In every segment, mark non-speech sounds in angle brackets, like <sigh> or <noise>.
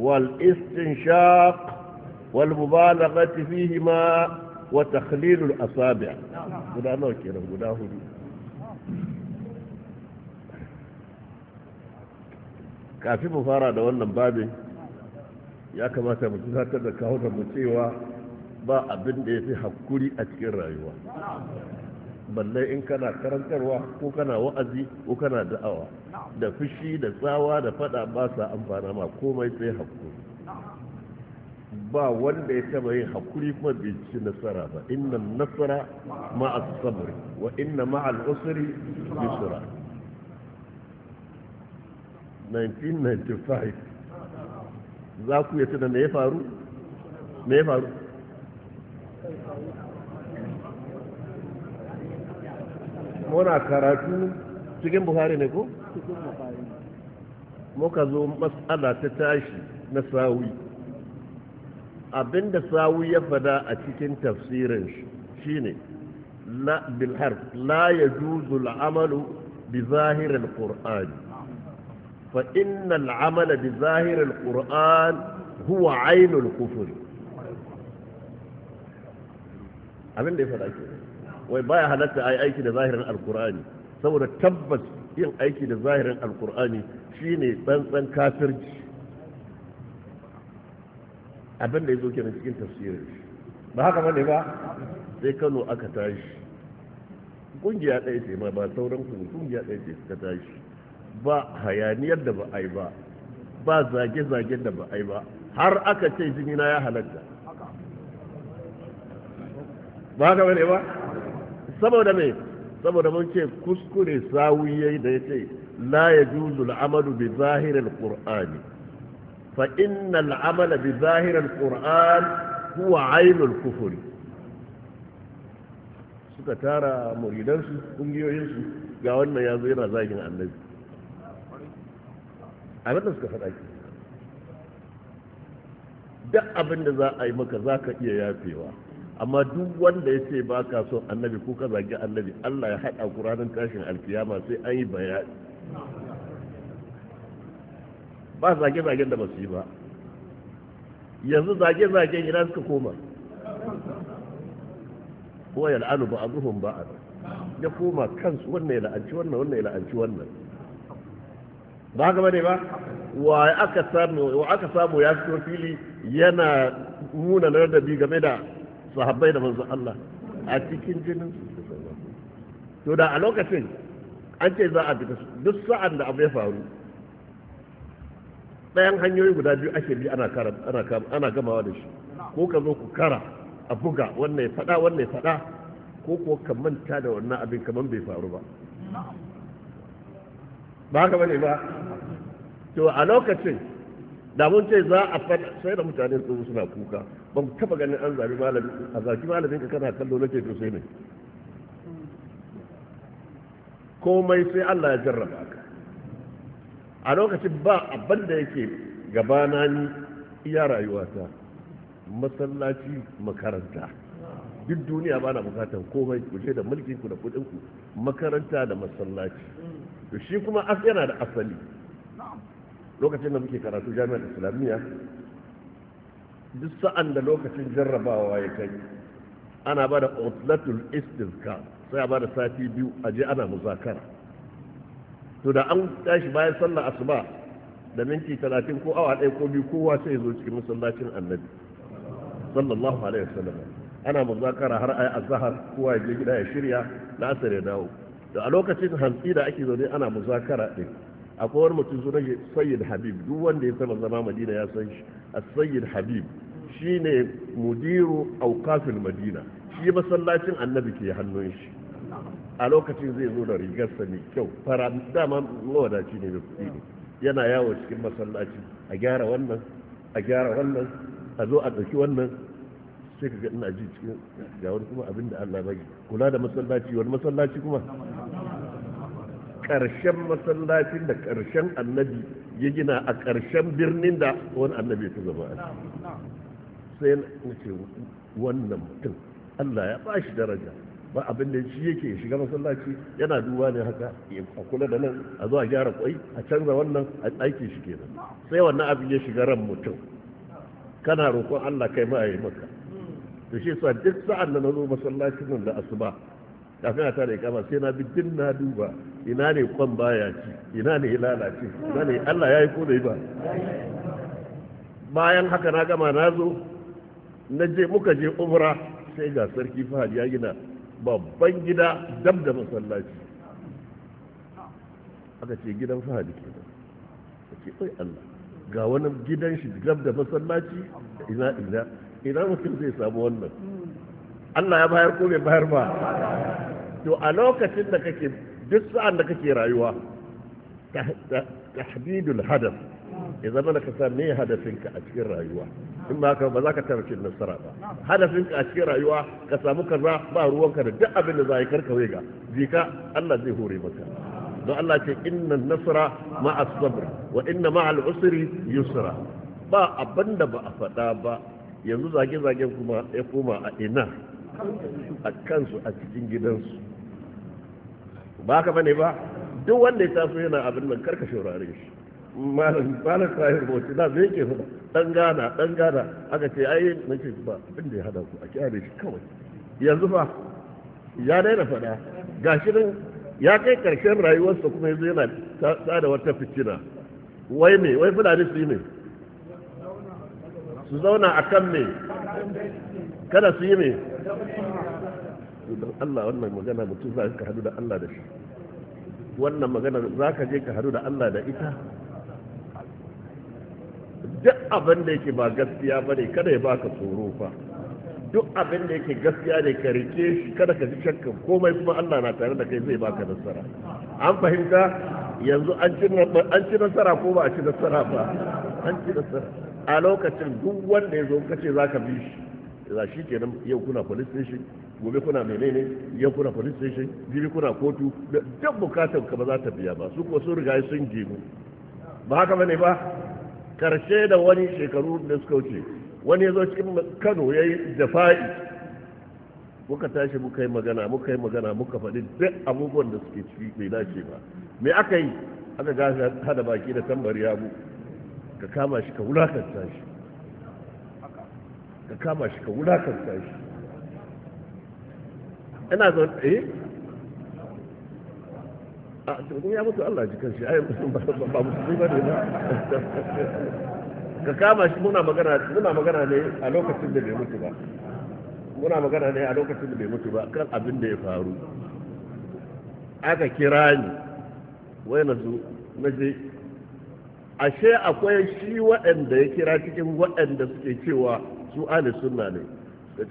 والاستنشاق والمبالغة فيهما وتخليل الأصابع قدا نوكرا قدا هدو kafi mu fara da wannan babin ya kamata mu tunatar da kawo da mu ba abin da ya fi hakuri a cikin rayuwa balle in kana karantarwa ko kana wa'azi ko kana da'awa da fushi da tsawa da fada ba sa amfana ma komai sai hakuri ba wanda ya taba yin hakuri kuma bai ci nasara ba inna nasara ma as-sabr wa inna ma al usri yusra 1995 za ku yi tuna me ya faru me ya faru muna karatu cikin buhari ne ko? muka zo matsala ta tashi na sawi abinda sawi ya fada a cikin tafsirin shi ne bilhar la ya juzu al'amalu bi zahirar ƙur'ani fa inna al'amala bi zahirar ƙur'an huwa ainul kufuri abinda ya fada ke wai baya halatta ai aiki da zahirin alkur'ani saboda tabbas yin aiki da zahirin alkur'ani shine tsantsan kafirci abin da ya zo kenan cikin tafsirin ba haka bane ba sai Kano aka tashi kungiya ɗaya ce ma ba sauran kuma kungiya ɗaya ce suka tashi ba hayaniyar da ba ai ba ba zage-zage da ba ai ba har aka ce jimina ya halatta ba haka bane ba saboda me saboda mun ce kuskure sawi yayi da yace la juzu al'amalu bi zahirar qur'ani fa inna al'amala bi zahirar qur'an huwa ainul kufri suka tara muridansu kungiyoyinsu ga wannan ya zo yana zagin annabi abin da suka faɗa ki duk abin da za a yi maka za ka iya yafewa amma duk wanda ya ce ba ka son annabi ko ka zagi annabi Allah ya haɗa ƙuranin tashin alkiyama sai an yi bayani ba zage-zagen da ba su yi ba yanzu zage-zagen ina suka koma ko ya la'anu ba a zuhun ba a ya koma kansu wannan ya la'anci wannan wannan ya la'anci wannan ba haka bane ba wa aka samu ya fito fili yana nuna ladabi game da sahabbai da manzo Allah a cikin jinin to da a lokacin an ce za a fita duk sa'an da abu ya faru ɗayan hanyoyi guda biyu ake bi ana gamawa da shi ko ka zo ku kara a buga wannan ya faɗa wannan ya faɗa ko ko ka manta da wannan abin kamar bai faru ba ba haka bane ba to a lokacin da mun ce za a faɗa sai da mutane su suna kuka ban taba ganin an zabi malamin a zaki malamin ka kana kallo nake to sai ne komai sai Allah ya jarraba ka a lokacin ba abin da yake gabana ni iya rayuwata masallaci makaranta duk duniya ba na bukatar komai ku da mulkin ku da kudin ku makaranta da masallaci to shi kuma as yana da asali lokacin da muke karatu jami'ar islamiyya duk sa'an da lokacin jarrabawa ya kai ana ba da outlatul istizka sai a ba da sati biyu a je ana muzakara to da an tashi bayan sallar asuba da minti talatin ko awa ɗaya ko biyu kowa sai zo cikin masallacin annabi sallallahu alaihi wasallam ana muzakara har ayi azhar kowa ya je gida ya shirya na asar ya dawo To a lokacin hantsi da ake zaune ana muzakara ɗin. akwai wani mutum sunan shi sayyid habib duk wanda ya saba zama madina ya san shi a sayyid habib shi ne mudiru aukafin madina shi masallacin annabi ke hannun shi a lokacin zai zo da rigarsa mai kyau fara dama mawadaci ne da kuɗi ne yana yawo cikin masallaci a gyara wannan a gyara wannan a zo a ɗauki wannan sai ka ga ina ji cikin ga wani kuma abin da Allah bai kula da masallaci wani masallaci kuma ƙarshen masallacin da ƙarshen annabi ya gina a ƙarshen birnin da wani annabi ya zama a sai na ce wannan mutum Allah ya ba shi daraja ba abin da shi yake shiga masallaci yana duba ne haka a kula da nan a zuwa gyara kwai a canza wannan a aiki shi kenan sai wannan abin ya shiga ran mutum kana roƙon Allah kai ma a yi maka to shi sa duk sa'an da na zo masallacin nan da asuba kafin a tare kama sai na bi din na duba ina ne kwan baya ci ina ne lalace ina ne Allah ya yi ko da ba bayan haka na gama na zo na je muka je umra sai ga sarki fahad ya gina babban gida dab da masallaci aka ce gidan fahad ke nan ake ce oi Allah ga wani gidan shi dab da masallaci ina ina ina mutum zai samu wannan Allah ya bayar ko bai bayar ba to a lokacin da kake duk sa'an da kake rayuwa tahdidul hadaf ya zama da ka san me hadafinka a cikin rayuwa in ba ka ba za ka tarci nasara ba hadafinka a cikin rayuwa ka samu kaza ba ruwanka da duk abin da za ka karkawe ga jika Allah zai hore maka don Allah ce inna nasara ma'a sabr wa inna ma'al usri yusra ba abin da ba a faɗa ba yanzu zage-zagen kuma ya koma a ina a kansu a cikin gidansu ba ka bane ba duk wanda ya taso yana abin nan karka shaurare shi malam malam sahir bauchi na zai ke faɗa dan gana dan gana aka ce ai ce ba abin da ya hada ku a kyare shi kawai yanzu fa ya daina faɗa gashi nan ya kai karshen rayuwarsa kuma yanzu yana tsada wata fitina wai me wai fulani su yi me su zauna a kan me kada su yi me don Allah wannan magana mutum za ka hadu da Allah da shi wannan magana za ka je ka hadu da Allah da ita duk abin da yake ba gaskiya ba ne kada ya baka tsoro fa duk abin da yake gaskiya ne ka rike shi kada ka ji shakka komai kuma Allah na tare da kai zai baka nasara an fahimta yanzu an ci nasara ko ba a ci nasara ba an ci nasara a lokacin duk wanda ya zo kace ka bi shi za shi kenan yau kuna police station gobe kuna menene yau kuna police station jibi kuna kotu duk bukatar ka ba za ta biya ba su kuwa sun riga sun jibu ba haka bane ba karshe da wani shekaru da suka wuce wani ya zo cikin Kano ya yi jafa'i muka tashi muka yi magana muka yi magana muka faɗi duk abubuwan da suke ciki bai dace ba me aka yi aka gasa hada baki da tambari yabu ka kama shi ka wulakanta shi ka kama shi ka wulakanta shi ina zo eh a cikin ya mutu Allah jikan shi ai ba musulmi ba ne ka kama shi muna magana muna magana ne a lokacin da bai mutu ba muna magana ne a lokacin da bai mutu ba kan abin da ya faru aka kira ni wai na zo na je ashe akwai shi waɗanda ya kira cikin waɗanda suke cewa su ahli sunna ne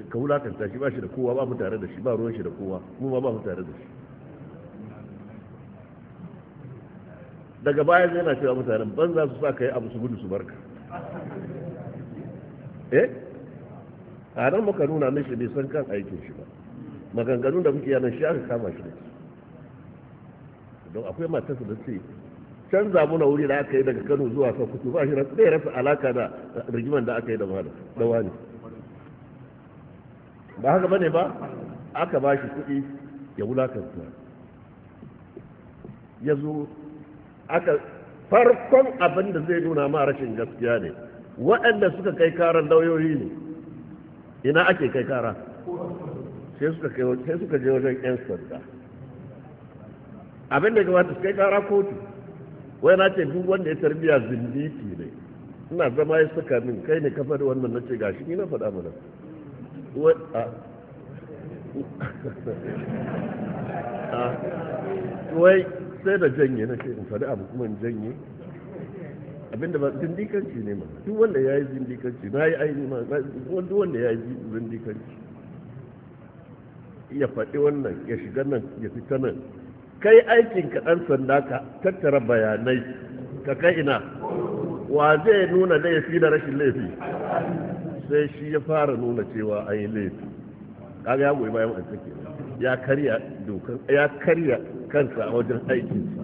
ka wulakanta shi ba shi da kowa ba mu tare da shi ba ruwan shi da kowa mu ba ba mu tare da shi daga baya zai na cewa mutanen za su sa ka yi abu su gudu su barka eh a nan muka nuna mishi bai san kan aikin shi ba maganganun da muke yanar shi aka kama shi da don akwai matarsa da ce canza muna wuri da aka yi daga Kano zuwa Sokoto ba shi zai rasa alaka da rigiman da aka yi da wani ba haka bane ba aka ba shi kuɗi ya wulakanta ya zo aka farkon abin da zai nuna ma rashin gaskiya ne waɗanda suka kai karar lauyoyi ne ina ake kai kara sai suka je wajen 'yan sanda abin da gabata su kai kara kotu wai na ce duk wanda ya tarbiya zindiki ne ina zama ya saka min kai ne kafa da wannan na ce gashi ni na faɗa mana wai sai da janye na ce in faɗi abu kuma in janye abinda ba zindikanci ne ma duk wanda ya yi zindikanci na yi aini ma duk wanda ya yi zindikanci ya faɗi wannan ya shiga nan ya fita nan kai aikin ka ɗan sanda ka tattara bayanai ka kai ina wa zai nuna laifi da rashin laifi sai shi ya fara nuna cewa an yi laifi kaga ya goyi bayan wancan ke ya karya dokan ya karya kansa a wajen aikinsa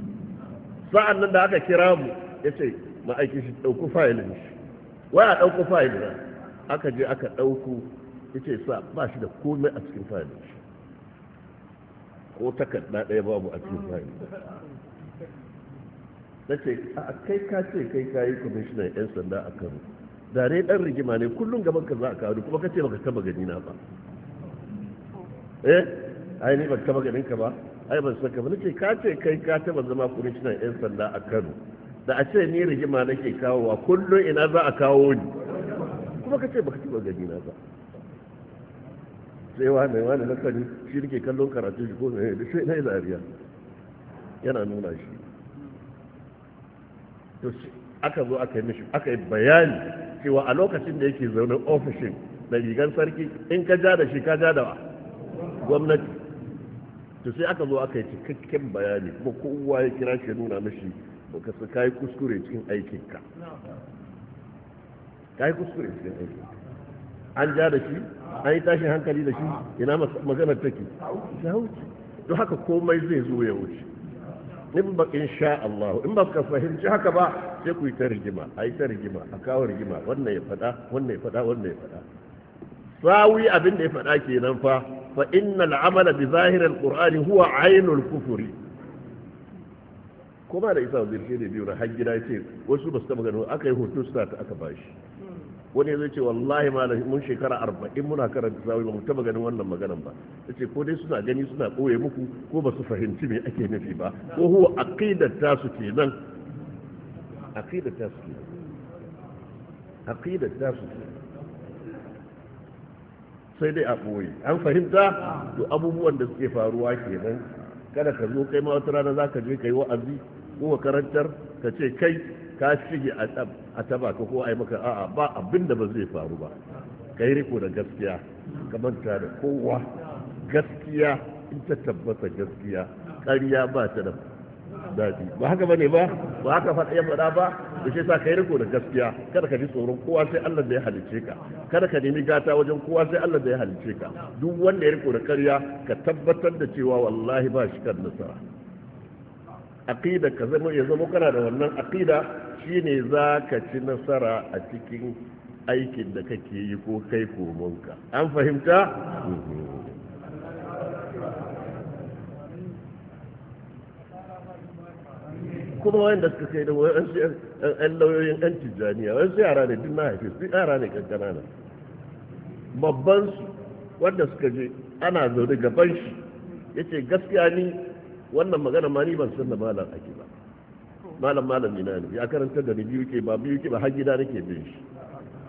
sa'an nan da aka kira mu ya ce ma'aikin shi ɗauku fayilin shi waya ɗauku fayilin aka je aka ɗauku ya ce sa ba shi da komai a cikin fayilin shi ko takarda ɗaya babu a cikin fayil na ce a kai ka ce kai ka yi kwamishinan 'yan sanda a kano da ne ɗan rigima ne kullum gaban ka za a kawo kuma ka ce baka taba gani na ba eh ai ne baka taba ganin ka ba ai ban saka ba nace ka ce kai ka taba zama kwamishinan 'yan sanda a kano da a ce ni rigima nake kawowa kullum ina za a kawo ni kuma ka ce baka taba gani na ba sai wane wane na sani shi nake kallon karatu shi ko mai sai na yi zariya yana nuna shi to aka zo aka yi mishi aka yi bayani cewa a lokacin da yake zaune ofishin da rigar sarki in ka ja da shi ka ja da gwamnati to sai aka zo aka yi cikakken bayani kuma kowa ya kira shi nuna mishi baka su kayi kuskure cikin aikinka kayi kuskure cikin aikinka an ja da shi an yi tashin hankali da shi ina maganar take ta wuce don haka komai zai zo ya wuce in ba in sha Allah in ba ka fahimci haka ba sai ku yi ta rigima a yi ta rigima a kawo rigima wannan ya faɗa wannan ya faɗa wannan ya faɗa sawi abin da ya faɗa kenan fa fa innal amala bi zahiril qur'ani huwa ainul kufuri kuma da isa zirke da biyu na har gida ce wasu ba su taɓa gano aka yi hoto suna aka bashi wani zai ce wallahi malam mun shekara arba'in muna karanta sawi ba mu taba ganin wannan maganan ba ce ko dai suna gani suna ɓoye muku ko ba su fahimci me ake nufi ba ko huwa aqidar ta su nan aqidar ta su aqidar ta su nan sai dai a ɓoye an fahimta to abubuwan da suke faruwa kenan kada ka zo kai ma wata rana ka je ka yi wa'azi ko karantar ka ce kai ka shige a taba ka ko ai maka a'a ba abin da ba zai faru ba ka yi riko da gaskiya ka manta da kowa gaskiya in ta tabbata gaskiya ƙarya ba ta da daɗi ba haka bane ba ba haka faɗa ya faɗa ba da shi sa kai riko da gaskiya kada ka ji tsoron kowa sai Allah da ya halice ka kada ka nemi gata wajen kowa sai Allah da ya halice ka duk wanda ya riko da ƙarya ka tabbatar da cewa wallahi ba shi kan nasara aqida ka zama ya zama kana da wannan aqida shine zaka ci nasara a cikin aikin da kake yi ko kai komonka an fahimta mhm. kuma wanda suka kai da wayansu an lauyoyin tijaniya tijjaniya wayansu yara ne dinna haifi, haife su yara ne kankana ne babban su wanda suka je ana zaune gaban shi yace gaskiya ni wannan magana ma ni ban san da malam ake ba malam malam ina ne ya karanta da ni biyu ke ba biyu ke ba har gida nake bin shi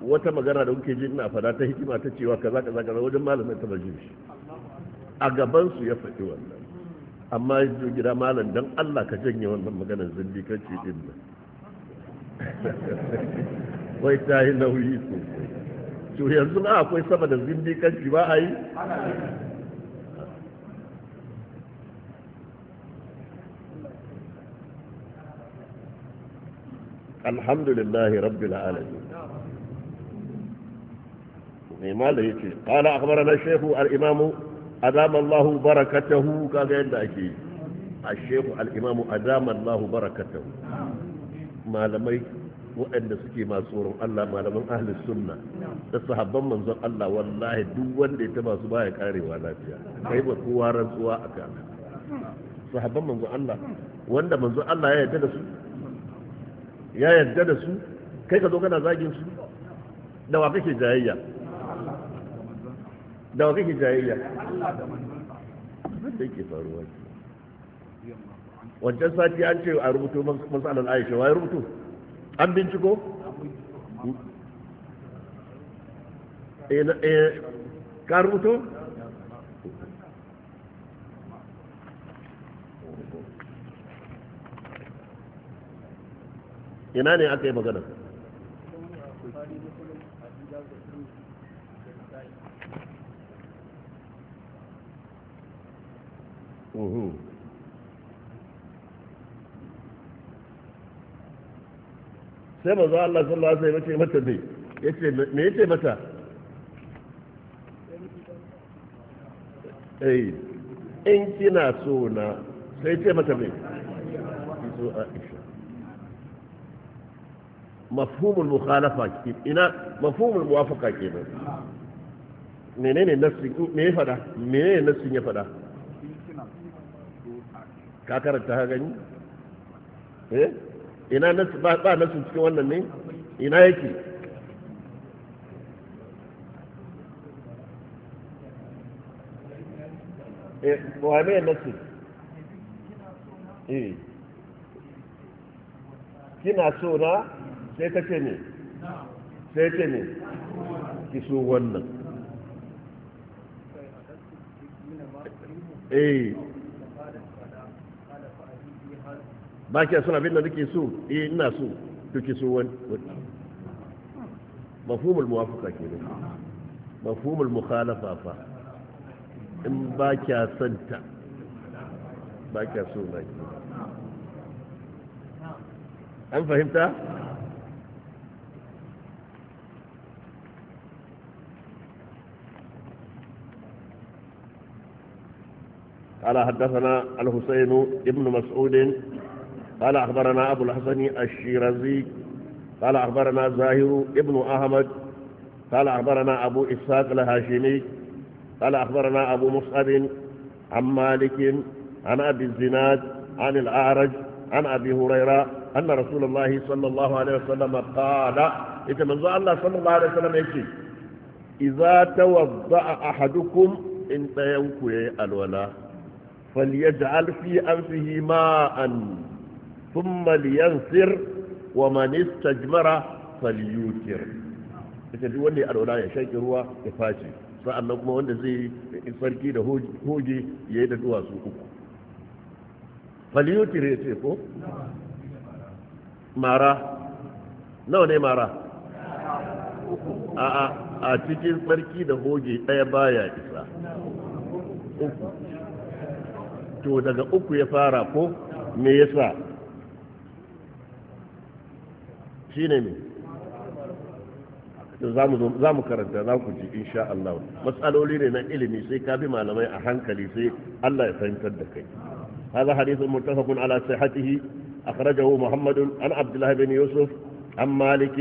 wata magana da kuke ji ina fada ta hikima ta cewa kaza kaza kaza wajen malam ta bajin shi a gaban su ya faɗi wannan amma yanzu gida malam dan Allah ka janye wannan maganar zalli kan ce din nan <laughs> wai ta yi nauyi sosai to yanzu na akwai sama da zindi kanci ba a yi alhamdulillahi rabbil alamin mai mala ya ce kala akwai na shehu al'imamu adamallahu barakatahu kaga yadda ake yi a shehu al'imamu adamallahu barakatahu malamai waɗanda suke masu tsoron Allah malaman ahlis suna da sahabban manzon Allah wallahi duk wanda ya taba su baya karewa lafiya kai ba kowa rantsuwa a kan sahabban manzon Allah wanda manzon Allah ya yarda da su ya yarda da su kai ka zo kana zagin su da wa kake jayayya da wa kake jayayya da yake faruwa wancan sati an ce a rubuto masalan aisha wa ya rubuto an binciko eh, eh, ka rubuto ina ne aka yi magana sai manzo Allah sallallahu alaihi wasallam mata ne yace me ce mata eh in kina so na sai ce mata me so Aisha mafhumul mukhalafa ina mafhumul muwafaqa kenan menene nassin me ya fada menene nassin ya fada ka karanta ha gani eh ina nas ba ba nassin wannan ne ina yake eh wa me nassin eh kina so na sai ta ce ne sai ce ne ki so wannan eh ba ki son abin da nake so eh ina so to ki so wani mafhumul muwafaqa kenan mafhumul mukhalafa fa in ba kya santa ba kya so ba ki an fahimta قال حدثنا الحسين ابن مسعود قال أخبرنا أبو الحسن الشيرازي قال أخبرنا زاهر ابن أحمد قال أخبرنا أبو إسحاق الهاشمي قال أخبرنا أبو مصعب عن مالك عن أبي الزناد عن الأعرج عن أبي هريرة أن رسول الله صلى الله عليه وسلم قال إذا من الله صلى الله عليه وسلم يكي إذا توضأ أحدكم إن تيوكي الولاء فليجعل في أنفه ماء ثم لينصر ومن استجمر فليوتر ita duk wanda ya alwala ya shaƙi ruwa ya face sa'annan kuma wanda zai yi sarki da hoji ya yi da duwatsu uku faliyotir ya ce ko? mara nawa ne mara? a cikin sarki da hoji ɗaya baya isa to daga uku ya fara ko me yasa shine ne za mu karanta za ku ji insha Allah matsaloli ne na ilimi sai ka bi malamai a hankali sai Allah ya fahimtar da kai هذا حديث متفق على صحته أخرجه محمد عن عبد الله بن يوسف عن مالك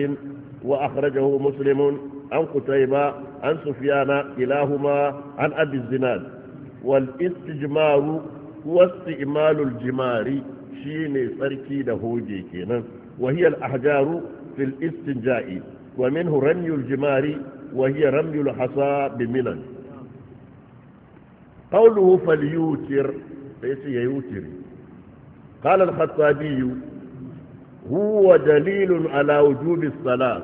وأخرجه مسلم عن قتيبة عن سفيان كلاهما عن أبي الزناد والاستجمار واستعمال الجمار شين سركي دهوجي كينا وهي الأحجار في الاستنجاء ومنه رمي الجمار وهي رمي الحصى بملل قوله فليوتر ليس يوتر قال الخطابي هو دليل على وجوب الصلاة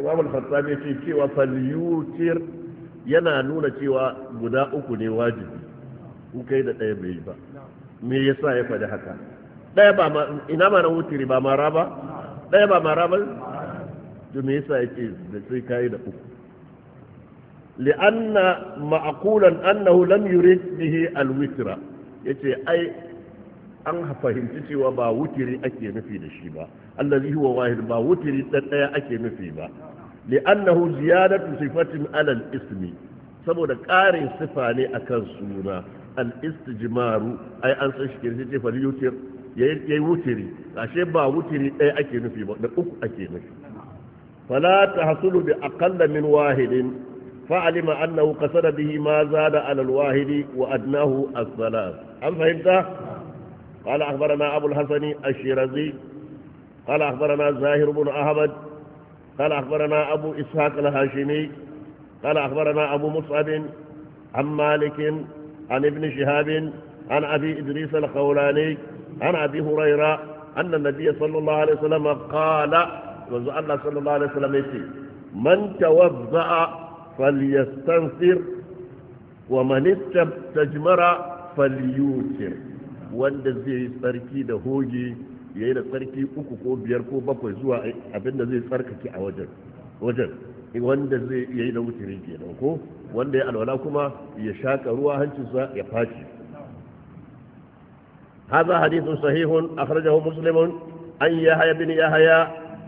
إمام الخطابي في فليوتر yana nuna cewa guda uku ne in kai da ɗaya bai yi ba me yasa ya faɗi haka ɗaya ba ma ina ma na wutiri ba mara ba ɗaya ba mara ba to me yasa yake da sai kai da uku li'anna ma'qulan annahu lam yurid bihi al-witra yace ai an fahimci cewa ba wutiri ake nufi da shi ba allazi huwa wahid ba wutiri ɗaya ake nufi ba li'annahu ziyadatu sifatin alal ismi saboda ƙarin sifa ne akan suna al-istijmaru ai an san shi ke ce fari yutir yayi wutiri ashe ba wutiri ɗaya ake nufi ba da uku ake nufi fala tahsulu bi aqalla min wahidin فعلم أنه قصد به ما زاد على الواحد وأدناه الثلاث هل فهمت؟ قال أخبرنا أبو الحسن الشيرازي قال أخبرنا زاهر بن أحمد قال أخبرنا أبو إسحاق الهاشمي قال أخبرنا أبو مصعب عن مالك عن ابن شهاب عن أبي إدريس الخولاني عن أبي هريرة أن النبي صلى الله عليه وسلم قال وزع الله صلى الله عليه وسلم يتي من توضأ فليستنفر ومن استجمر فليوتر wanda zai yi tsarki da hoge ya yi da tsarki uku ko biyar ko bakwai zuwa abinda zai tsarkake a wajen wajen wanda zai yi da wutiri kenan ko wanda ya alwala kuma ya shaƙa ruwa hancinsa ya faci هذا حديث صحيح أخرجه مسلم عن يحيى بن يحيى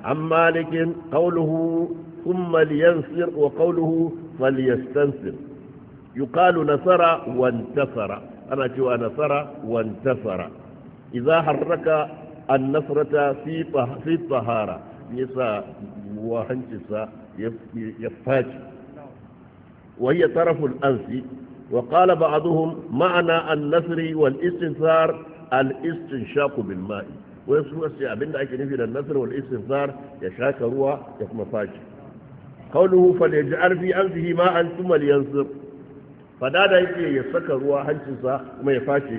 عن مالك قوله ثم لينصر وقوله فليستنصر يقال نصر وانتصر أنا جوا نصر وانتصر إذا حرك النصرة في في الطهارة يسا وهنجسا يفاجئ وهي طرف الأنف وقال بعضهم معنى النثر والاستنثار الاستنشاق بالماء ويسوى السيابين لأيك نفي النثر والاستنثار يشاك روى يتمفاج قوله فليجعل في أنفه ماء ثم لينصر فدادا يكي يسك روى هنسسا وما يفاشي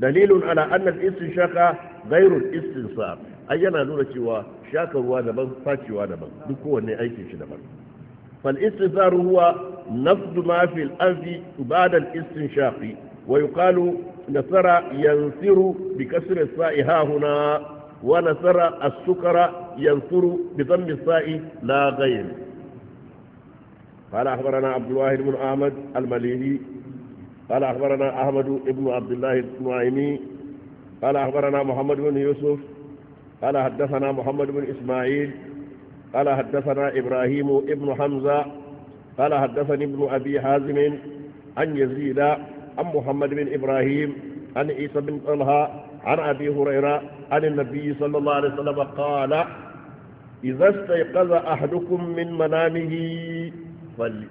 دليل على أن الاستنشاق غير الاستنثار أينا نولا شوى شاك روى دبن فاشي ودبن دكوة نأيك شدبن فالاستنثار هو نفض ما في الأنف بعد الاستنشاق ويقال نصر ينصر بكسر الصاء ها هنا ونصر السكر ينصر بضم الصاء لا غير قال أخبرنا عبد الواحد بن أحمد المليلي قال أخبرنا أحمد بن عبد الله النعيمي قال أخبرنا محمد بن يوسف قال حدثنا محمد بن إسماعيل قال حدثنا إبراهيم بن حمزة قال حدثني ابن أبي حازم عن يزيد عن محمد بن إبراهيم عن عيسى بن طلحة عن أبي هريرة عن النبي صلى الله عليه وسلم قال إذا استيقظ أحدكم من منامه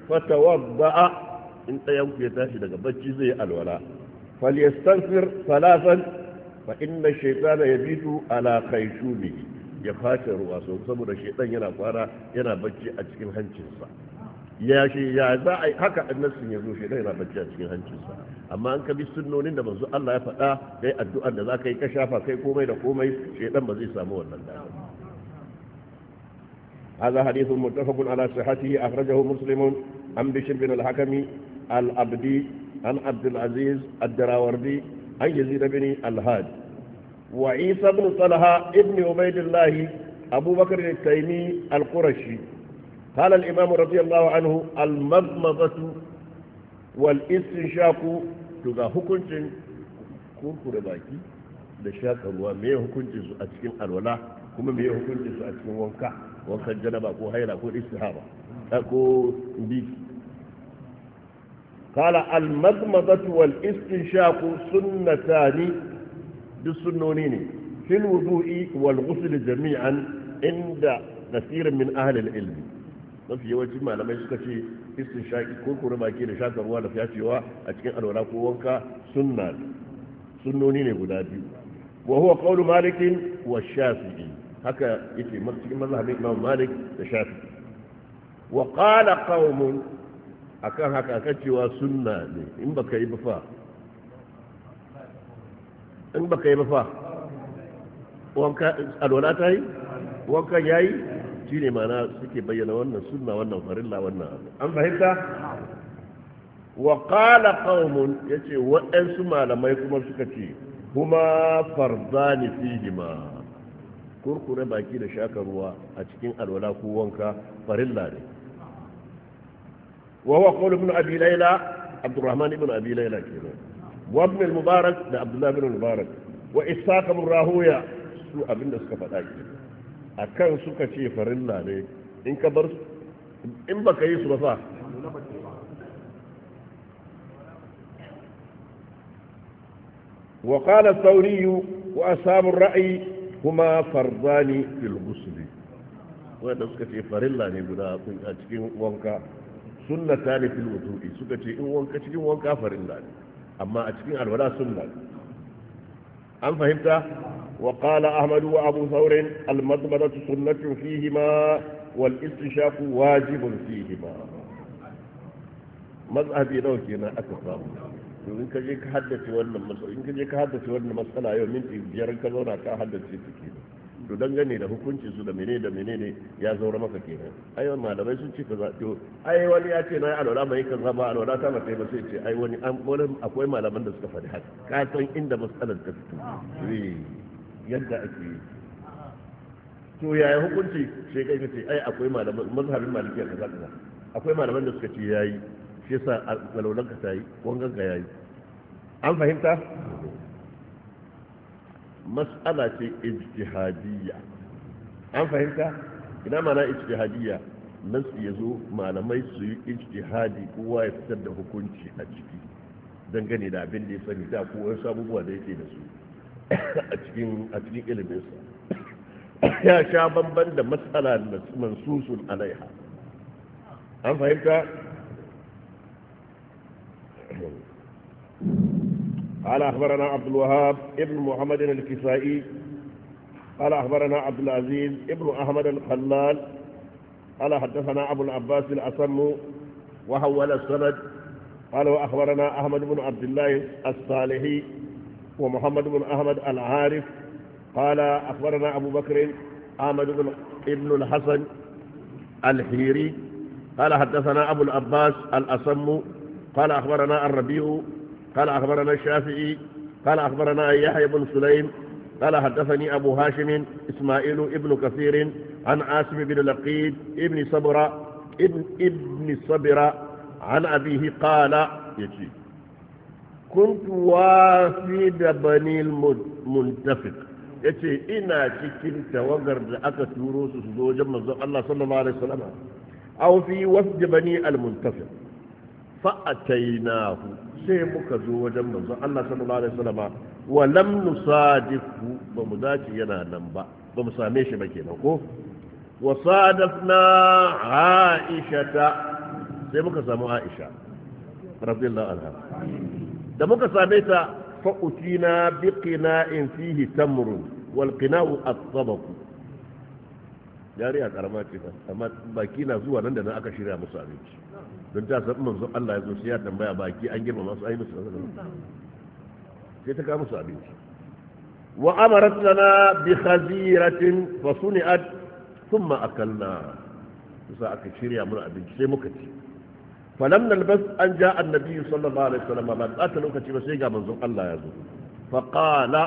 فتوضأ انت يوم يتاشي لك بجزي زي الولاء فليستنفر ثلاثا فإن الشيطان يبيت على خيشومه يفاشر fashe ruwa sau saboda shaitan yana kwara yana bacci a ya shi ya za a haka annasin ya zo shi dai bacci a cikin hancinsa amma an ka bi sunnonin da manzo Allah ya faɗa kai addu'an da za ka yi ka shafa kai komai da komai shedan ba zai samu wannan dama هذا حديث متفق على صحته أخرجه مسلم عن بشر بن الحكم العبدي عن عبد العزيز الدراوردي عن يزيد بن الهاد وعيسى بن طلحة ابن عبيد الله أبو بكر التيمي القرشي قال الإمام رضي الله عنه المضمضة والاستنشاق تغا حكمتين كركر باكي لشاك الله me حكمت hukunci الولا كما cikin حكمت kuma me ya hukunci su هيرا cikin wanka أكو بيك قال المضمضة والاستنشاق سنتان بالسنونين في الوضوء والغسل جميعا عند كثير من أهل العلم mafi yawancin malamai suka ce istin shaki ko kuma baki da shaka ruwa da fyacewa a cikin alwala ko wanka sunna sunnoni ne guda biyu wa huwa qawlu malik wa shafi'i haka yake cikin mazhabin imam malik da shafi'i wa qala qawm akan haka kan cewa sunna ne in baka yi ba fa in baka yi ba fa wanka alwala ta yi wanka yayi ne mana suke bayyana wannan sunna wannan farilla wannan abu an fahimta wa qala qaumun yace waɗansu malamai kuma suka ce kuma farzani fihima kurkure baki da shaka ruwa a cikin alwala ko wanka farilla ne wa huwa qawl ibn abi layla abdurrahman ibn abi layla kenan wa ibn al-mubarak da abdullah ibn al-mubarak wa ishaq ibn rahuya su abinda suka faɗa kenan a kan suka ce farilla ne in ka bar in baka yi su ba fa وقال الثوري وأصحاب الرأي هما فرضان في الغسل wanda suka ce farilla ne guda a cikin wanka sunnata ne fil wudu'i suka ce in wanka cikin wanka farilla ne amma a cikin alwala sunna an fahimta وقال أحمد وأبو ثور المضمرة سنة فيهما والاستشاف واجب فيهما مذهبي نوكينا أكثر in ka je ka haddace wannan in ka je ka haddace wannan matsala yau minti biyar ka zauna ka haddace su ke to dangane da hukunci su da menene da menene ya zaura maka kenan ai malamai sun ce kaza to ai wani ya ce na yi alwala mai kaza ba alwala ta mata ba sai ce ai wani an wani akwai malaman da suka faɗi haka ka san inda matsalar ta fito yadda ake yi to yaya hukunci sai kai ce, ai akwai malaman mazhabin malikiya kaza kaza akwai malaman da suka ce yayi shi yasa alwalan ka tayi wangan ka yayi an fahimta mas'ala ce ijtihadiyya an fahimta ina mana ijtihadiyya nan su zo malamai su yi ijtihadi kowa ya fitar da hukunci a ciki dangane da abin da ya sani da ko wasu abubuwa da yake da su a cikin iliminsa ya sha bamban da matsala mansusun alaiha an fahimta قال أخبرنا عبد الوهاب ابن محمد الكسائي قال أخبرنا عبد العزيز ابن أحمد الخلال قال حدثنا أبو العباس الأسم وحول السند قال وأخبرنا أحمد بن عبد الله الصالحي ومحمد بن أحمد العارف قال أخبرنا أبو بكر أحمد بن ابن الحسن الحيري قال حدثنا أبو العباس الأصم قال أخبرنا الربيع قال أخبرنا الشافعي قال أخبرنا يحيى بن سليم قال حدثني أبو هاشم إسماعيل ابن كثير عن عاصم بن لقيد ابن صبرة ابن, ابن صبرة عن أبيه قال يجيب كنت وافد بني المنتفق yace ina cikin tawagar da aka turo su su zo wajen manzon Allah sallallahu alaihi wasallam aw fi wafd bani al-muntafiq fa atainahu sai muka zo wajen manzon Allah sallallahu alaihi wasallam wa lam nusadifu ba mu dace yana nan ba ba mu same shi ba kenan ko wa sadafna aisha sai muka samu aisha radiyallahu anha da muka same ta fa utina bi qina'in fihi tamrun wal qina'u at-tabaq jariya karama ce amma baki na zuwa nan da nan aka shirya musu abinci don ta san manzon Allah ya zo sai ya tambaya baki an girma masu ai musu sai ta ka musu abinci wa amarat lana bi khaziratin fa suni'at thumma akalna sai aka shirya mana abinci sai muka ci falam nalbas an ja annabi sallallahu alaihi wasallam ba tsata lokaci ba sai ga manzon Allah ya zo fa qala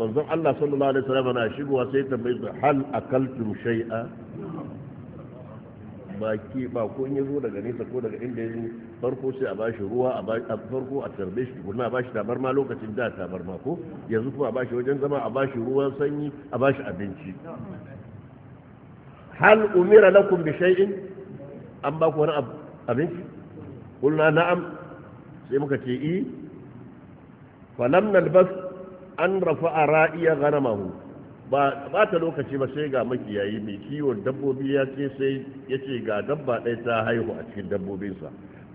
manzon Allah sallallahu alaihi wasallam na shigowa sai tambayi hal akaltum shay'a baki ba ko in yazo daga nesa ko daga inda yazo farko sai a bashi ruwa a farko a tarbe shi kuma a bashi tabar ma lokacin da tabar ma ko yanzu kuma a bashi wajen zama a bashi ruwan sanyi a bashi abinci hal umira lakum bi shay'in an ba ku wani abu abinci kulna na'am sai muka ce i falam nalbas an rafa a ra'iya ganamahu ba ba ta lokaci ba sai ga makiyayi mai kiwon dabbobi ya ce sai ya ce ga dabba ɗaya ta haihu a cikin dabbobinsa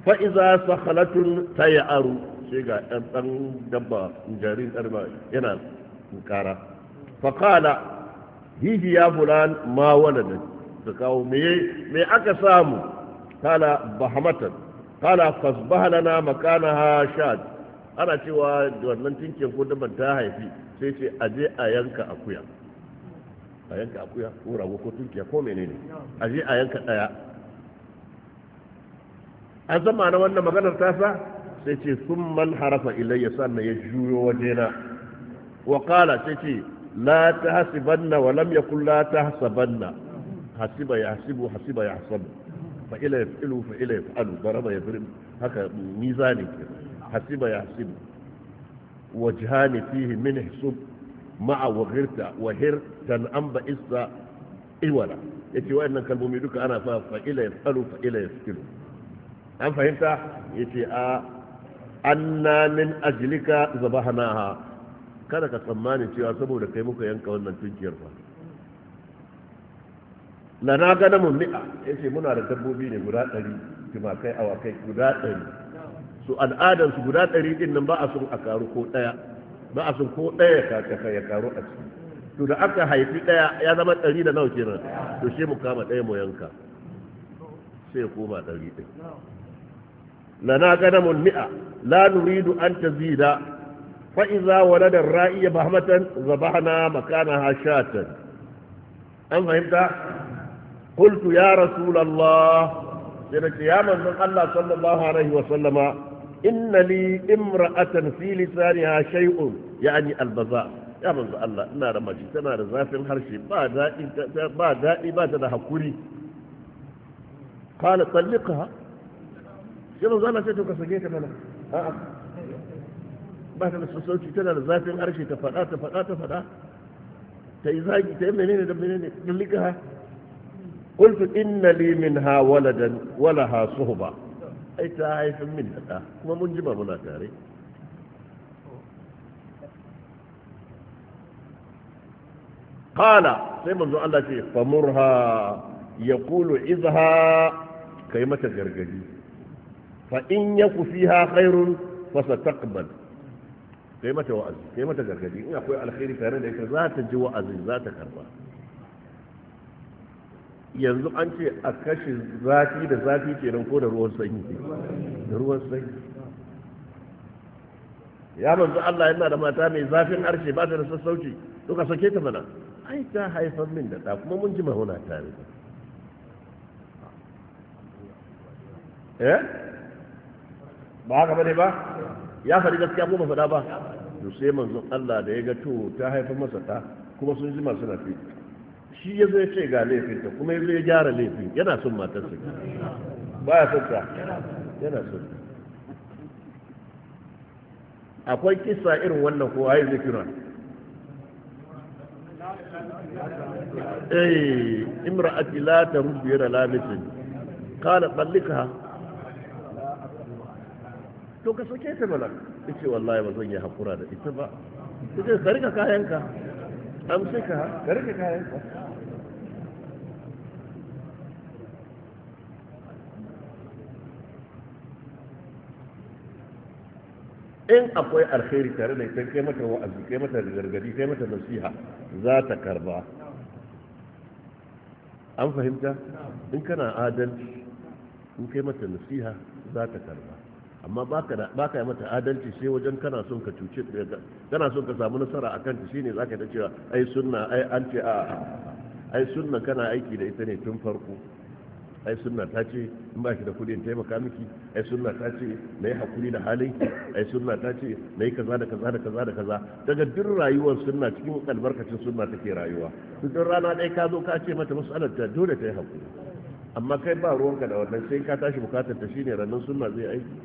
fa'iza sakhalatun ta ya aru sai ga ɗan ɗan dabba jarin ɗarba yana kara fakala hihi ya fulan ma waladan da kawo me aka samu قال bahamatan قال فاصبح لنا مكانها shad ana cewa wannan tinkin ko daban ta haifi sai ce a je a yanka akuya a yanka akuya ko rago ko tunkiya ko menene a je a yanka daya a zama na wannan maganar tasa sai ce sun man harafa ilayya sannan ya juyo wajena wa kala sai ce la ta hasibanna wa lam yakun la ta hasabanna hasiba ya hasibu hasiba ya hasabu fa'ila ya fi'ilu fa'ila ya fa'alu daraba ya firim haka mizani ke hasiba ya hasibu wajhani fihi min hisub ma'a wa hirta wa hir tan amba isa iwala yace wayannan kalmomi duka ana fa fa'ila ya fa'alu fa'ila ya fi'ilu an fahimta ce a anna min ajlika zabahnaha kada ka tsammani cewa saboda kai muka yanka wannan tunkiyar fa la na gana mun mi'a ce muna da dabbobi ne guda ɗari jimakai awakai guda ɗari su al'adansu guda ɗari ɗin nan ba a sun a karu ko ɗaya ba a sun ko ɗaya ya karu a ciki to da aka haifi ɗaya ya zama ɗari da nawa kenan to shi mu kama ɗaya mu yanka sai ya koma ɗari ɗin la na gana mun mi'a la nuridu an zida fa iza da ra'iya bahmatan zabahna makanaha shatan an fahimta قلت يا رسول الله سنك يا من الله صلى الله عليه وسلم إن لي امرأة في لسانها شيء يعني البزاء يا من الله إنا رمجي تنا رزاف الحرشي با دائي با تدهكوري قال طلقها sai manzo Allah sai to ka sake ta mana a'a ba ta da sassauci tana da zafin harshe ta faɗa ta faɗa ta faɗa ta yi zagi ta yi menene da menene dalika قلت إن لي منها ولدا ولها صهبة أي تعايف منها ومنجبة ولا تاري قال سيما زو الله شيء فمرها يقول إذها كلمة جرجلي فإن يك فيها خير فستقبل كلمة وأزي كلمة جرجلي إن أخوي على خير فهنا ذات جوأزي ذات كربان yanzu an ce a kashe zafi da zafi nan ko da ruwan sanyi da ruwan sanyi ya manzu Allah yana da mata mai zafin arshe ba ta da sassauci to ka sake ta mana ai ta haifar min da ta kuma mun ji mahuna tare eh ba haka bane ba ya faɗi gaskiya ko ba faɗa ba to sai manzon Allah da ya ga to ta haifar masa ɗa kuma sun ji masu nafi shi ya zai ce ga laifinta kuma ya gyara laifin yana son matarsa ba ya son ta yana son akwai kisa irin wannan ko ayi zikira eh imra'ati la taruddu yada lamisin kala ballika to ka sake ta bala ce wallahi ba zan yi hakura da ita ba yace ka rika kayanka amsika ka rika kayanka in akwai alheri tare da ita kai mata wa'azi kai mata gargadi kai mata nasiha za ta karba an fahimta in kana adalci in kai mata nasiha za ta karba amma ba ka yi mata adalci sai wajen kana son ka cuce kana son ka samu nasara a kanta shine za ka ta cewa ai sunna ai an ce a ai sunna kana aiki da ita ne tun farko ai sunna ta ce in ba ki da kuɗi in taimaka miki ai sunna ta ce na yi hakuri da halinki. ai sunna ta ce na yi kaza da kaza da kaza da kaza daga duk rayuwar sunna cikin albarkacin sunna take rayuwa duk rana ɗaya ka zo ka ce mata masalar ta dole ta yi hakuri amma kai ba ruwanka da wannan sai ka tashi bukatar ta shine ranar sunna zai aiki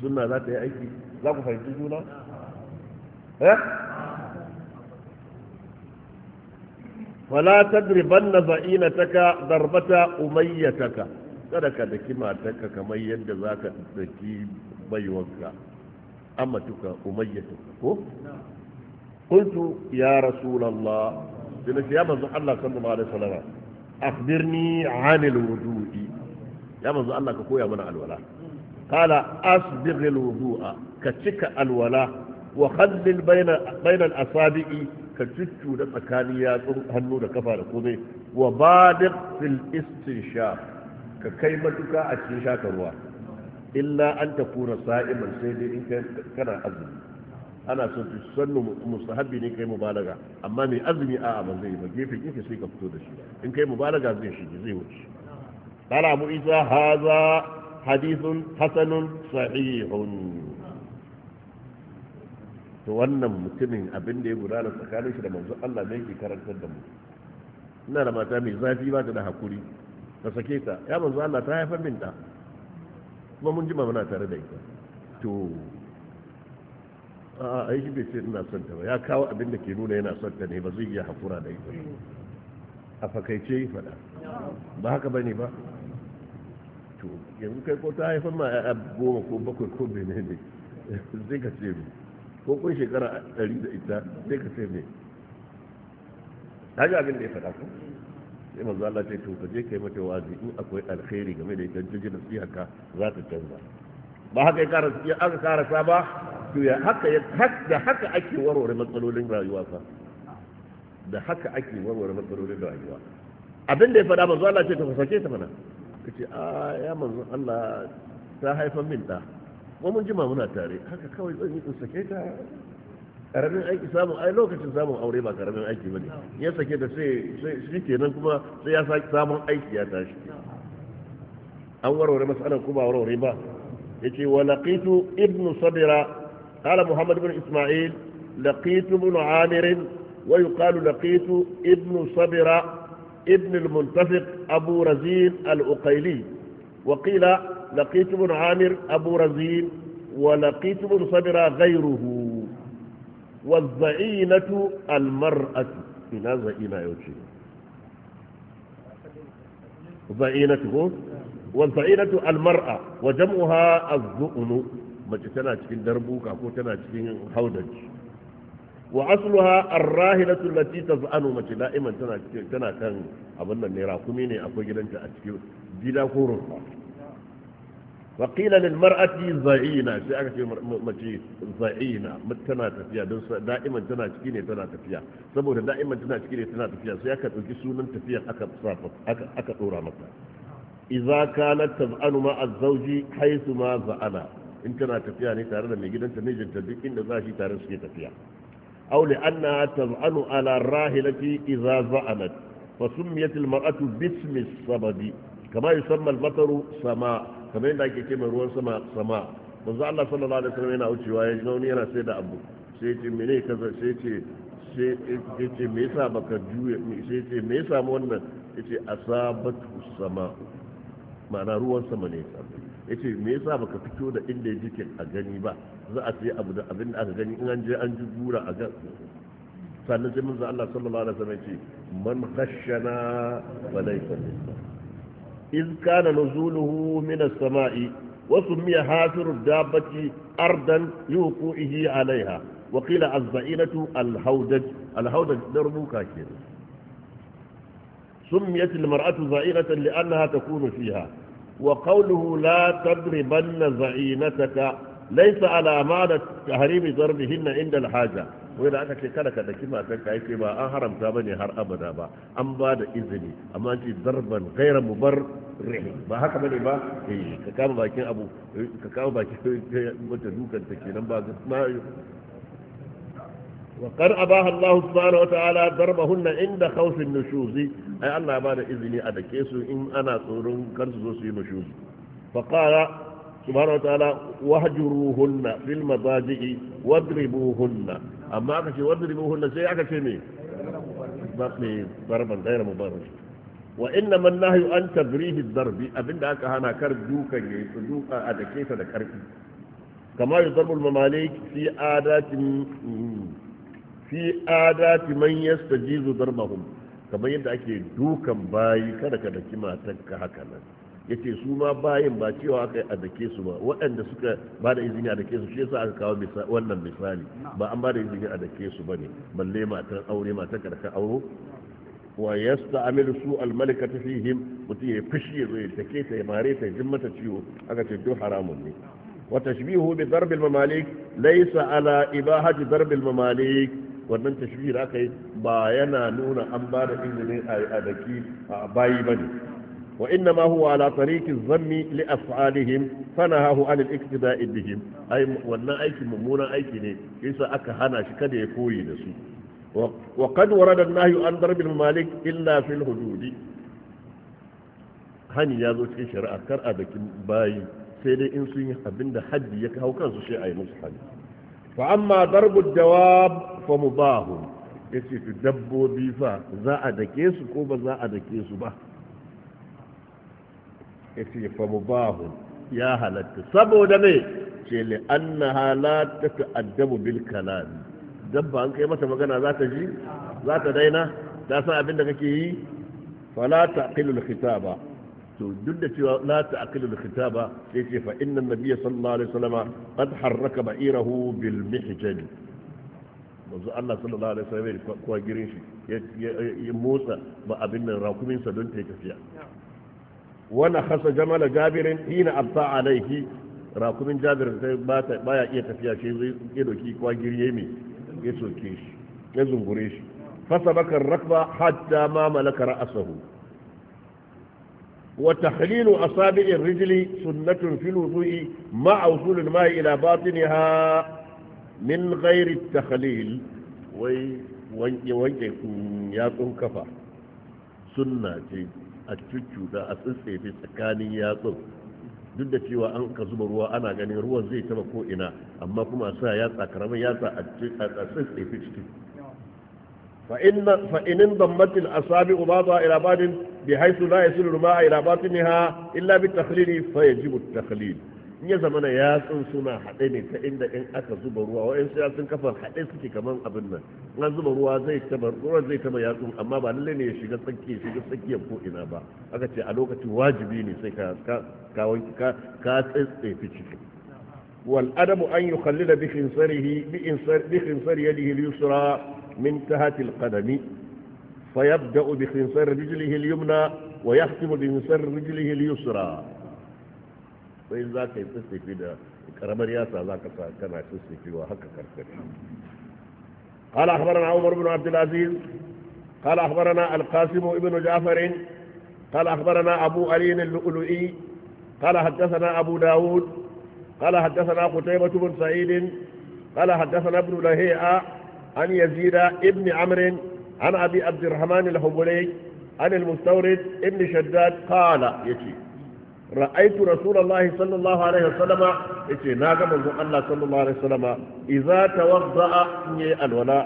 sunna za ta yi aiki za ku fahimci juna eh fala tadribanna ba'inataka darbata umayyataka kada ka daki matarka kamar yadda zaka daki baiwarka amma tuka umayyataka ko qultu ya rasulullah dina ya manzo Allah sallallahu alaihi wasallam akhbirni 'anil wudu'i ya manzo Allah ka koya mana alwala Kala asbir lil wudu'a ka cika alwala wa khallil asabii ka cuccu da tsakanin yatsun hannu da kafa da komai wa ba badiq fil istinsha ka kai matuka a cikin shakarwa illa an ta kuna sa'iman sai dai in kai kana azumi ana son su sannu mustahabi ne kai mubalaga amma mai azumi a'a ba zai ba gefe gefe sai ka fito da shi in kai mubalaga zai shige zai wuce قال أبو عيسى هذا حديث حسن صحيح to wannan mutumin abin da ya gudana tsakanin shi da manzon Allah ne yake karantar da mu ina da mata mai zafi ba ta da hakuri ta sake ta ya manzo Allah ta haifar min da kuma mun jima muna tare da ita to a a yi bai ce ina son ta ba ya kawo abin da ke nuna yana son ta ne ba zai iya hakura da ita a fakaice yi faɗa ba haka ba ne ba to yanzu kai ko ta haifar ma yaya goma ko bakwai ko bene ne zai ka ce mu ko kun shekara ɗari da ita sai ka sai mai ta ji abin da ya faɗa ku sai mazu Allah ce to ka je kai mata wazi in akwai alkhairi game da ita na nasiha ka za ta canza ba haka ya kara ya aka ba to ya haka ya da haka ake warware matsalolin rayuwa fa da haka ake warware matsalolin rayuwa abin da ya faɗa mazu Allah ce to ka sake ta mana kace a ya mazu Allah ta haifa min da ba mun jima muna tare haka kawai zan yi in sake ta karamin aiki samun ai lokacin samun aure ba karamin aiki bane ya sake ta sai shi kenan kuma sai ya sake samun aiki ya tashi an warware masalan ko ba warware ba yace wa laqitu ibnu sabira qala muhammad ibn isma'il laqitu ibn amir wa yuqalu laqitu ibnu sabira ibn al-muntafiq abu razin al-uqayli وقيل لقيت بن عامر أبو رزين ولقيت بن صبرا غيره والزعينة المرأة إنا زعينة يوشي زعينته والزعينة المرأة وجمعها الزؤن مجتنا تكين دربوك أكو تنا تكين حودج وأصلها الراهلة التي تزعن مجتنا إما تنا كان أبنى نيراكميني أكو جلنك أتكيوت gida ko rumfa waƙila lil mar'ati za'ina sai aka ce mace za'ina tana tafiya don da'iman tana ciki ne tana tafiya saboda da'iman tana ciki ne tana tafiya sai aka ɗauki sunan tafiya aka aka aka Iza ka na kanat taz'anu ma az-zawji haythu ma za'ana in tana tafiya ne tare da mai gidanta mijinta duk inda za shi tare suke tafiya aw li anna taz'anu ala rahilati idza za'anat fa sumiyat al-mar'atu bismi sababi kama yusammal mataru sama kama yadda ake kemar ruwan sama sama manzo Allah sallallahu alaihi wasallam yana wucewa ya gauni yana sai da abu sai ce mene kaza sai ce sai ce me yasa baka juye sai ce me yasa mu wannan yace asabatu sama ma'ana ruwan sama ne yace me yasa baka fito da inda ya jikin a gani ba za a sai abu da abin da aka gani in an je an ji gura a ga sannan sai manzo Allah sallallahu alaihi wasallam ce man khashana wa laysa إذ كان نزوله من السماء وسمي حافر الدابة أرضا لوقوعه عليها وقيل الزئينة الهودج الهودج درب كاكر سميت المرأة زئينة لأنها تكون فيها وقوله لا تضربن زئينتك laisa alama da tahrimi zarbihinna inda alhaja wai da aka ce kada ka daki matar ka yake ba an haramta ba ne har abada ba an ba da izini amma ce zarban gaira mubar rihi ba haka bane ba eh ka kama bakin abu ka kama bakin mata <laughs> dukan ta kenan ba wa Ta'ala, وقد أباها الله سبحانه وتعالى ضربهن عند خوف su in ana tsoron إذني su zo su yi كرسوس نشوز فقال subhanahu wataala wahjuruhunna fil mazaji'i wadribuhunna amma aka ce wadribuhunna sai aka ce me zarbi darban gaira mubarak wa inna man nahyu an tadrihi darbi abinda aka hana kar dukan yayi duka a dake ta da karfi kama yuzarbul mamalik fi adatin fi adati man yastajizu darbahum kamar yadda ake dukan bayi kada ka daki matar ka haka nan yace su ma bayin ba cewa aka a dake su ba waɗanda suka ba da izini a dake su shi yasa aka kawo wannan misali ba an ba da izini a dake su bane balle matar aure matar karka auro wa yasta'milu su al-malikatu fihim mutum ya fishi ya zai take ta ya mare ta jin mata ciwo aka ce duk haramun ne wa tashbihu bi darb mamalik laysa ala ibahati darb al-mamalik wannan tashbih da aka yi ba yana nuna an ba da izini a daki a bayi bane وإنما هو على طريق الذم لأفعالهم فنهاه عن الاقتداء بهم أي وانا أيك ممونا أيك ني إيسا أكا هنا شكد يكوي نسو وقد ورد النهي عن ضرب الممالك إلا في الحدود hani ya zo cikin kar a bakin bayi sai dai in sun yi abin da haddi ya kawo kansu sai a yi musu hali fa amma darbu dawab fa dabbobi fa za a dake su ko ba za a dake su ba ya fa mubahu ya halatta saboda me ce li annaha la tata'addabu bil kalam dabba an kai mata magana za ta ji za ta daina ta san abin da kake yi fala taqilul khitaba to duk da cewa la taqilul khitaba sai ce fa inna nabiyya sallallahu alaihi wasallam qad harraka ba'irahu bil mihjan manzo Allah sallallahu alaihi wasallam ya girin shi ya motsa ba abin nan rakumin sa don ta tafiya wani hasa jamala jabirin hina abta alaihi rakumin jabir sai baya iya tafiya shi zai ya doki kwa girye mai ya soke shi ya zungure shi fasa bakar rakba hatta ma malaka ra'asahu وتحليل أصابع الرجل سنة في الوضوء مع وصول الماء إلى باطنها من غير التخليل وي وي وي يا كفى سنة جيد a cuccuda a tsitsefe tsakanin yatsun duk da cewa an ka zuba ruwa ana ganin ruwan zai taba ko ina amma kuma sa yatsa karamin yatsa a tsitsefe ciki fa'inin dammatin asabi ubaba ila irabadin bi haisu la yasilu ruma'a ila batiniha illa bi takhlili fa yajibu takhlili in ya zamana yatsun suna haɗe ne ta inda in aka zuba ruwa wa'yansu yatsun kafan haɗe suke kamar abin nan na zuba ruwa zai taba ruwa zai taba yatsun amma ba lallai ne ya shiga tsakiya shiga tsakiyar ko ina ba aka ce a lokacin wajibi ne sai ka ka wanki ka ka tsaitsaye ciki wal adabu an yukhallida bi khinsarihi bi insar bi khinsar yadihi al-yusra min tahati al-qadami fayabda bi khinsar rijlihi al-yumna ويختم بمسر رجله اليسرى sai za ka yi tsiffi da karamar yasa za ka sa kana wa haka karfe قال أخبرنا عمر بن عبد العزيز قال أخبرنا القاسم بن جعفر قال أخبرنا أبو علي اللؤلؤي قال حدثنا أبو داود قال حدثنا قتيبة بن سعيد قال حدثنا ابن لهيئة عن يزيد ابن عمرو عن أبي عبد الرحمن الحبلي عن المستورد ابن شداد قال يتي ra'aitu rasulullahi sallallahu alaihi wasallama yace na ga manzon Allah sallallahu alaihi wasallama idza tawadda'a ya alwala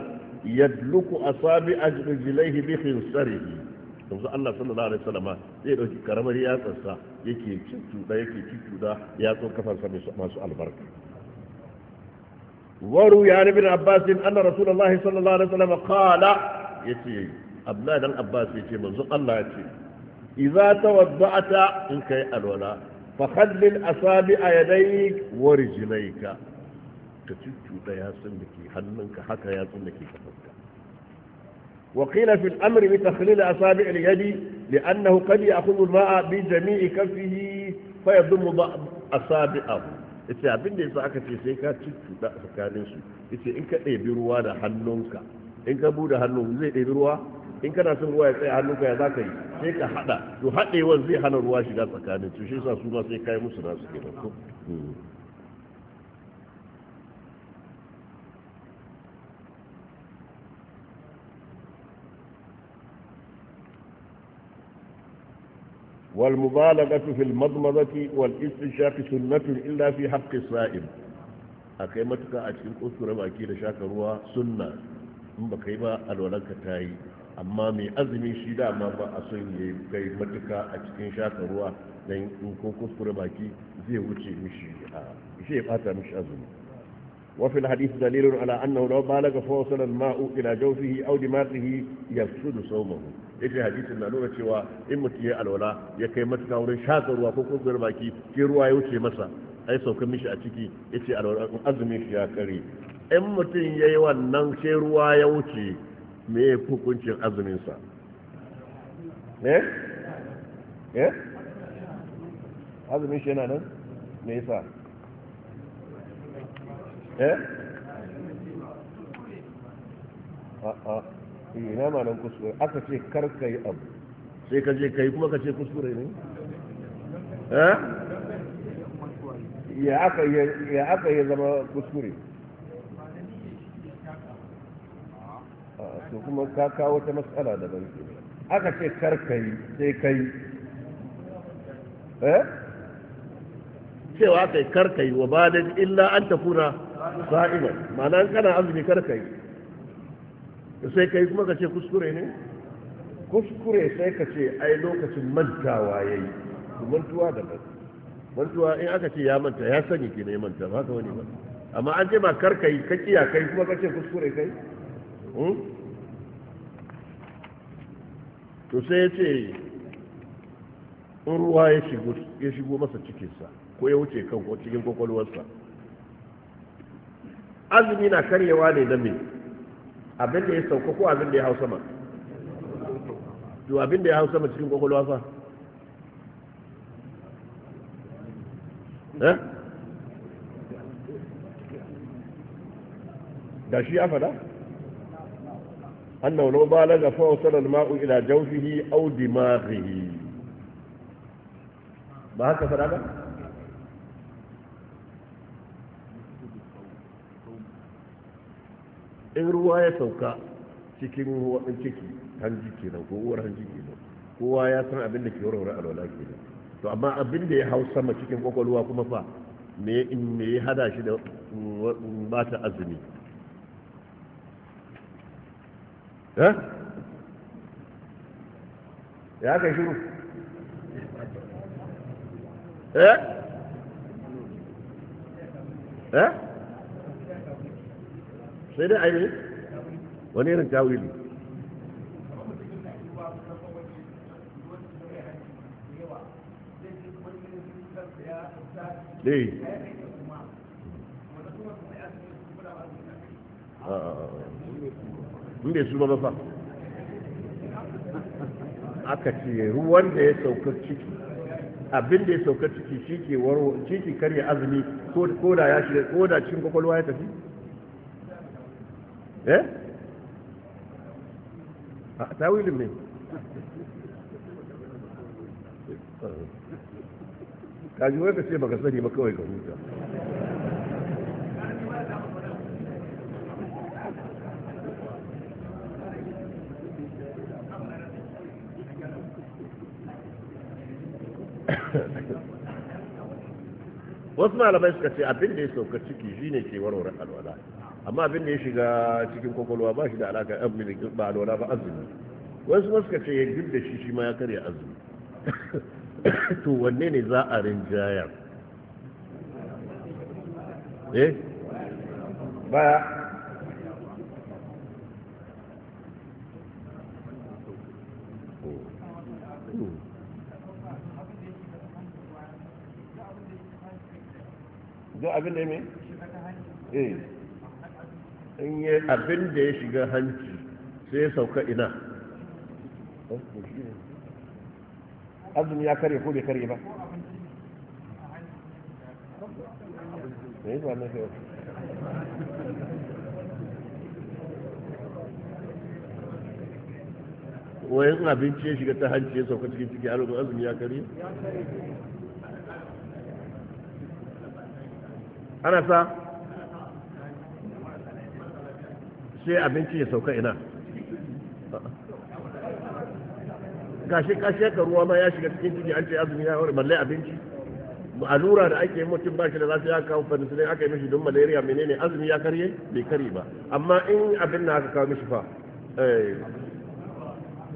yadluku asabi ajrijilaihi bi khinsarihi yanzu Allah sallallahu alaihi wasallama zai dauki karamar yatsarsa yake cuccuda yake cuccuda yatsun kafarsa masu albarka وروي عن ابن عباس ان رسول الله صلى الله عليه وسلم قال يتي عبد الله بن عباس يتي منزل Allah يتي إذا توضعت إنك كي الولاء فخلل أصابع يديك ورجليك تتجد يا سنكي حننك حكى يا سنكي كفرك وقيل في الأمر بتخليل أصابع اليد لأنه قد يأخذ الماء بجميع كفه فيضم بعض أصابعه إذا abin da yasa سيكا ce sai ka ci cuɗa a tsakanin su ita in ka ɗebi ruwa in kana son ruwa ya tsaye hannunka ya za ka yi sai ka haɗa to haɗewar zai hana ruwa shiga tsakanin to shi sa su ma sai kai musu nasu kenan ko hmm. والمبالغة في المضمضة والاستشاق سنة إلا في حق الصائم أقيمتك أجل أسرة وأكيد شاك ruwa sunna in ba kai ba amma mai azumi shi dama ba a son ya kai matuka a cikin shaka ruwa don in ko kuskure baki zai wuce mishi a shi ya fata mishi azumi Wafin وفي الحديث دليل على أنه لو بالغ فوصل الماء إلى جوفه أو دماغه يفسد Ya ce hadisin na nuna cewa in mutum ya alwala ya kai matuka wurin shaƙa ruwa ko kuskure baki ke ruwa ya wuce masa ai saukan mishi a ciki yace alwala azumin shi ya kare in mutum ya yi wannan sai ruwa ya wuce me ya hukuncin azuminsa eh eh azumin shi yana nan me ya yasa eh a'a ah, ah. eh, ina ma nan kuskure aka ce karka yi abu sai ka je kai kuma ka ce kuskure ne eh ya aka ya aka ya zama kuskure to kuma ka kawo ta matsala daban aka ce karkai sai kai eh cewa kai karkai wa ba da illa an tafura sa'iman ma'ana kana azumi karkai sai kai kuma ka ce kuskure ne kuskure sai ka ce ai lokacin mantawa yayi mantuwa da daban mantuwa in aka ce ya manta ya sani ke ne manta ba ka wani ba amma an ce ba karkai ka kiya kai kuma ka ce kuskure kai to sai ya ce in ruwa ya shigo masa cikinsa ko ya wuce kan ko cikin kwakwalwarsa azumi na karyewa ne na me abin da ya sauka ko abin da ya hau sama to abin da ya hau sama cikin kwakwalwarsa da eh? shi ya fada أنه لو بالغ فوصل الماء إلى جوفه أو Ba haka هكا فلا in ruwa ya sauka cikin ruwan ciki hanji kenan ko uwar hanji kenan kowa ya san abin da ke warware alwala kenan to amma abin da ya hau sama cikin kwakwalwa kuma fa me ya hada shi da bata azumi Eh? ya kai shiru eh eh sai dai aini wani irin tawili eh ah, a ah, ah, in bai su ba fa aka ce ruwan da ya sauka ciki abin da ya sauka ciki shi ke waro ciki ke karya azumi ko da ya shiga ko da cikin kwakwalwa ya tafi eh a tawilin ne kaji wai ka ce baka sani ba kawai ka huta wasu malamai suka ce abin da ya sauka ciki shine ke warware alwala amma abin da ya shiga cikin kwakwalwa ba shi da alaka abin eh, ba alwala ba azumi wasu ma suka ce ya duk da shi shi ma ya karya azumi <coughs> to wanne ne za a rinjaya eh baya abin da ya mai eh in yi abin da ya shiga hanci sai ya sauka ina azumi ya kare ko bai kare ba wayan abinci ya shiga ta hanci ya sauka cikin ciki a azumi ya kare ana sa sai abinci ya sauka ina gashi kashe ka ruwa ma ya shiga cikin ciki an ce azumi ya wari balle abinci lura da ake mutum ba shi da ya kawo penicillin aka yi mishi don malaria menene azumi ya karye bai karye ba amma in abin na aka kawo mishi fa eh,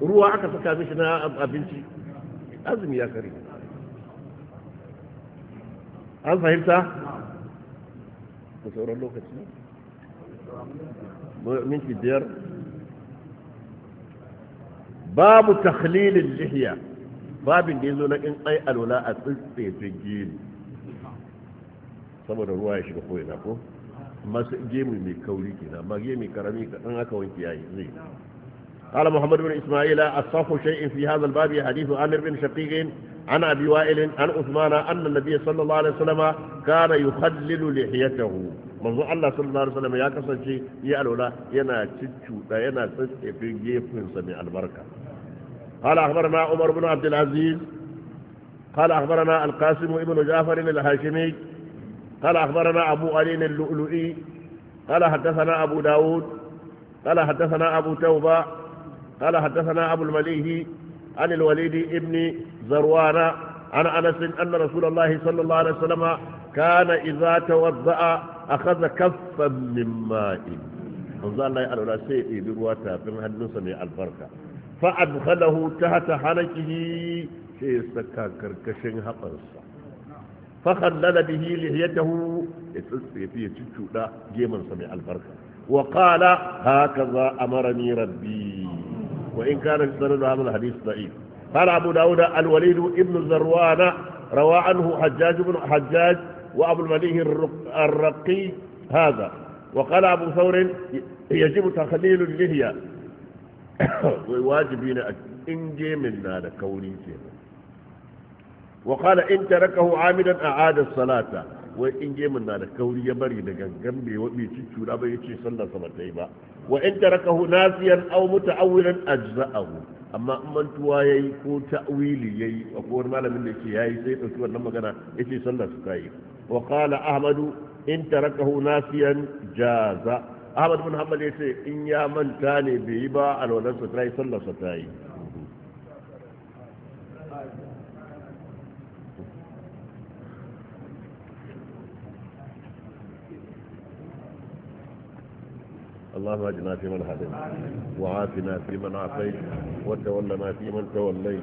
ruwa aka saka mishi na abinci azumi ya karye an fahimta da sauran lokaci minti biyar babu takhlilin lihiya babin da ya zo na in ai alwala a tsitsefe gini saboda ruwa ya shiga koyana ko masu gemu mai kauri ke amma gemu karami kaɗan aka wanke yayi zai قال محمد بن إسماعيل الصف شيء في هذا الباب حديث عامر بن شقيق عن أبي وائل عن عثمان أن النبي صلى الله عليه وسلم كان يخلل لحيته manzo Allah sallallahu alaihi wasallam ya kasance ya alwala yana ciccuda yana tsatsefe gefen sa mai albarka qala akhbarana Umar ibn Abdul Aziz qala akhbarana Al-Qasim ibn Ja'far al-Hashimi qala akhbarana Abu Ali al-Lu'lu'i qala hadathana Abu Dawud qala na Abu Tawba qala hadathana Abu malihi عن الوليد ابن زروان عن أنس أن رسول الله صلى الله عليه وسلم كان إذا توضأ أخذ كفا من ماء manzo Allah ya alwala sai ya tafin hannunsa mai albarka fa adkhalahu tahta halakihi sai ya saka karkashin haɓarsa fa khallala bihi lihiyatahu ya tsitsefi ya cuccuda gemansa mai albarka وإن كان السند هذا الحديث ضعيف قال أبو داود الوليد ابن الزروان روى عنه حجاج بن حجاج وأبو المليه الرقي هذا وقال أبو ثور يجب تخليل اللحية وواجبين <coughs> إن جي من لكوني سينا وقال إن تركه عامدا أعاد الصلاة وإن جي نال كوني يبري لغنغن بي وبي تشورا بي تشي صلى صلى wa in tarakahu nasiyan aw muta'awwilan ajza'ahu amma in mantuwa yayi ko ta'wili yayi akwai malamin da yake yayi sai dauki wannan magana yace sallar su kai wa qala ahmadu in tarakahu nasiyan jaza ahmad bin hanbal yace in ya manta ne bai yi ba alwalan sa tayi sallar sa tayi اللهم اجنا في من هديت وعافنا في من عافيت وتولنا في من توليت